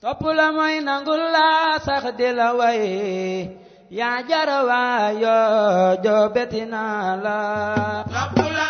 topp la mooy nangul la sax di la way yaa jarawa yoo joo beti naa la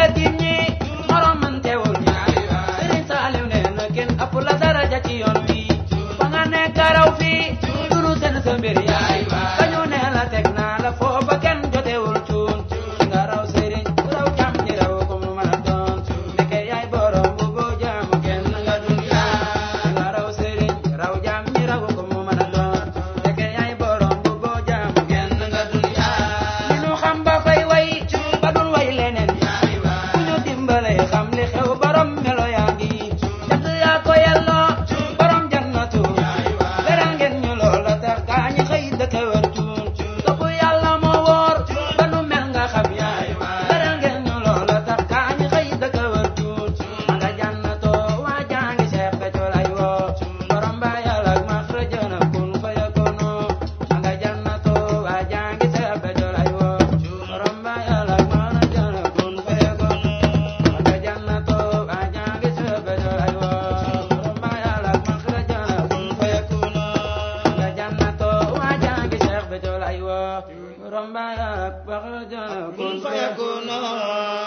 a Mbir yaa فيكون